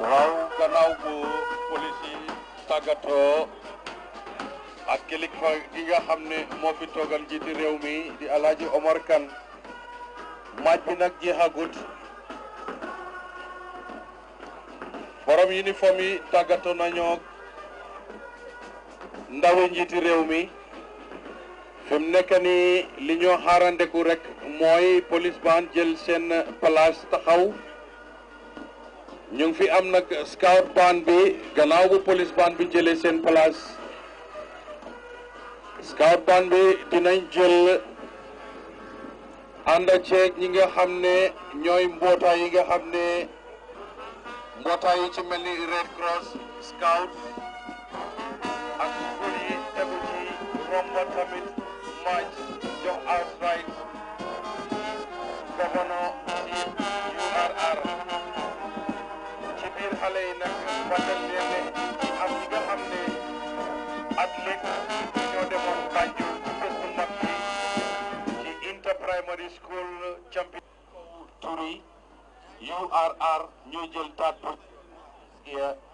waaw gannaaw bu police yi ak kilifa gi nga xam ne moo fi toogal njiiti réew mi di Alhaji Omar Kane maaj bi nag jeexagut borom uniforme yi tàggatoo nañoo ndawi njiiti réew mi fi mu nekk nii li ñoo xaarandeku rek mooy police baan jël seen place taxaw ñu ngi fi am nag scout band bi gannaaw bu police band bi jëlee seen place scout band bi dinañ jël ànd ceeg ñi nga xam ne ñooy mbootaay yi nga xam ne mbootaay ci mel ni Red Cross scout ak kuréel yi tegu ci tamit march jox outright URR ñu jël taat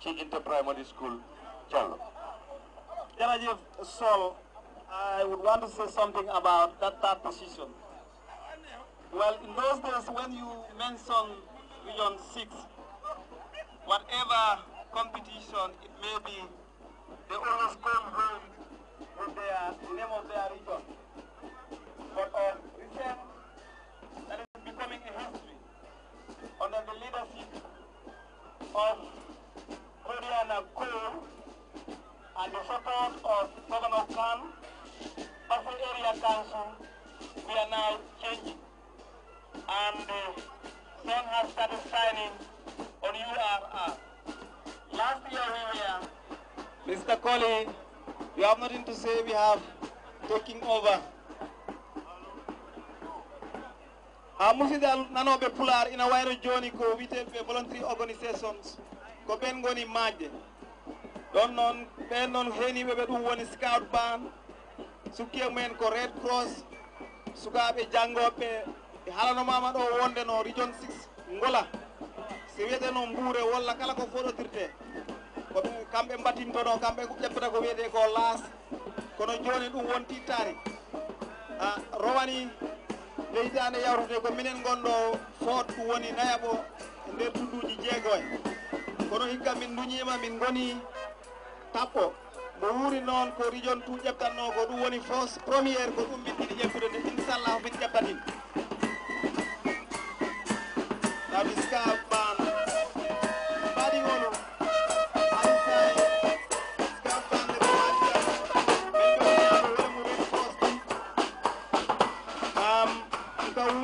ci inter primary school Jallo. Jërëjëf Sol, I would want to say something about that third position. Well, in those days when you mentioned Region 6, whatever competition, it may be they always come home with their, the name of their region. But on um, recent, that is becoming a history under the leadership of Koreana Ko and the support of Governor Khan, the Area Council, we are now changing. And uh, Sun has started signing on URR. Last year we were. Mr. Coley, you have nothing to say. We have taking over. ha musidɓe nanoɓe pular ina wayno joni ko witeɓe voluntary organisations ko ɓen goni majje ɗon noon ɓen noon heniɓe ɓe ɗum woni scout ban sukki mumen ko red cross sukaɓe janggoɓe halanoma ma ɗo wonde no region 6 ngola si wiyete noon mbuure walla kala ko fotodirte ko kamɓe mbatintono kamɓe ƴeppata ko wiyete ko laas kono jooni ɗum won tittaari a rowani leydiande yawtude ko minen gonɗo foot ɗum woni nayaɓo e nder tunduji jeegoye kono hikka min duñima min goni tapɓo mo wuuri noon ko rijon tu ƴeftatno ko ɗum woni fos premiére ko ɗum min ɗiɗi ƴeftude nde inchallah min ƴeftatin tawi skab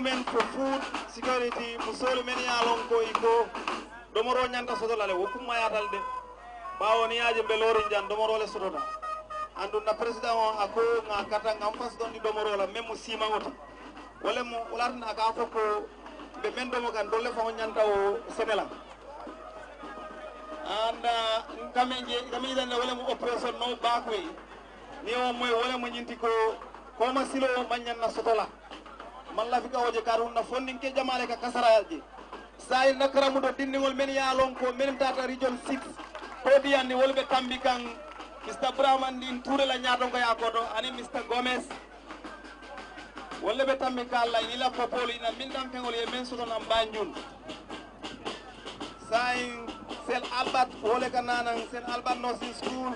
men e ko fuut sécurity mo sohli men yalon ko i ko domoro ñanta sodolale wokkumma yatal de bawoni yaaji mbelori jan domoro le sodota anduna président o a ko ga kata gam fas ɗon ɗi domorola men mo sima oti wole mo wulatana ka fof ko ɓe men domo kan dolle fa o ñanta o sénélan anda kame je kame jitande wole mo opération maw bakoy ni o moye wole mo ñinti ko koma silowo mañanna sotola malla fikawoje kar hunna fondinke jamale ka kasarayaji sayir nakaramudo dinndigol men yaalon ko men tata region 6 to diyandi wolɓe tambi kan mr brahma ndin tourela ñatonko yakoto ani mr gomes wolleɓe tambi ka allah yila popol ina min ɗan pegol ye men sotonan mbanjun sayin sen albat wole ka nanan sen albat nosin school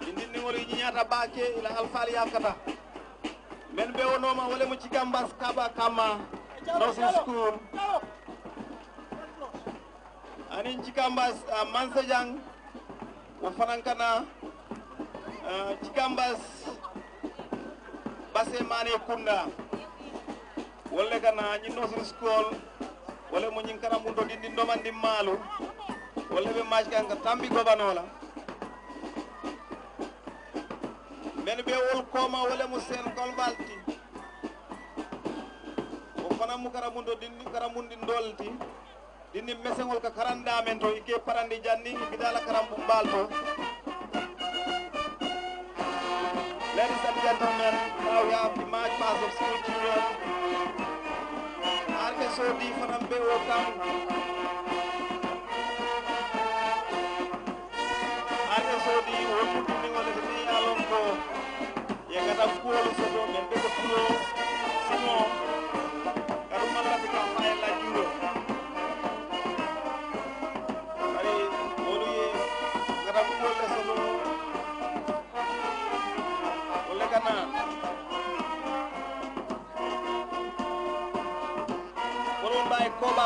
ɓe dinndigol yiñata bake ila alfaal yakata ma ɓe wonoma ci gambas kaba kama kamma sun school anin cikambas man mansa jang wo fanan kana uh, cikambas base mane kunda wala kana no sun school wala mu ñing kana mu to ɗin ndomandi malu wala wolle ɓe maaj kan ka tambi gobanola ten ɓe wol koma wole mu sen gol balti o fana mu gara mun to dinni gara mun ɗi dolti ɗinni mesengol ko karandamen to ike parandi janni gidala karambu mbalto ladies and gentlemen now we have the match pass of school junior arke soodi fanan ɓe wo kam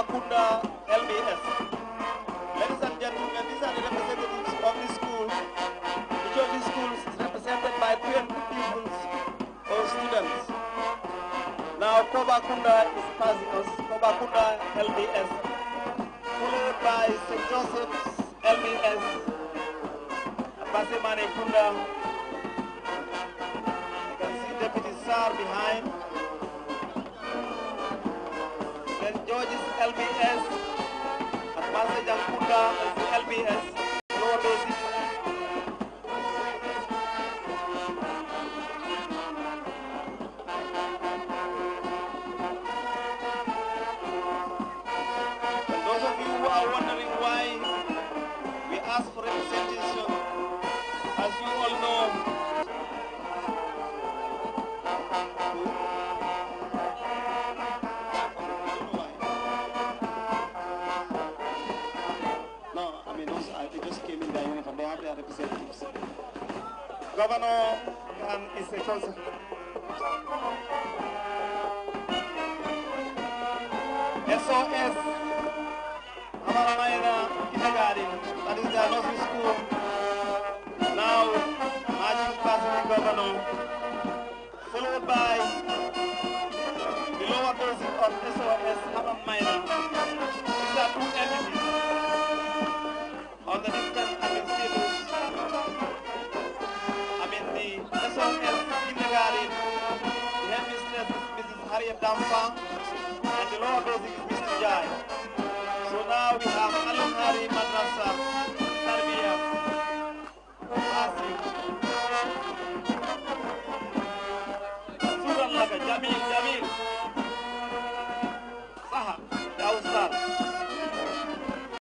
Kunda LBS. Ladies and gentlemen, these are the representatives of the schools. Each of these schools is represented by 300 pupils or students. Now Kunda is passing us, Kunda LBS, followed by St. Joseph's LBS, Abasimane Kunda. You can see Deputy Sar behind. St. George's LBS, at Masajang Kuta as LBS, lower basis Governor and his council. SOS, Kindergarten, that is the nursery school. Alabama.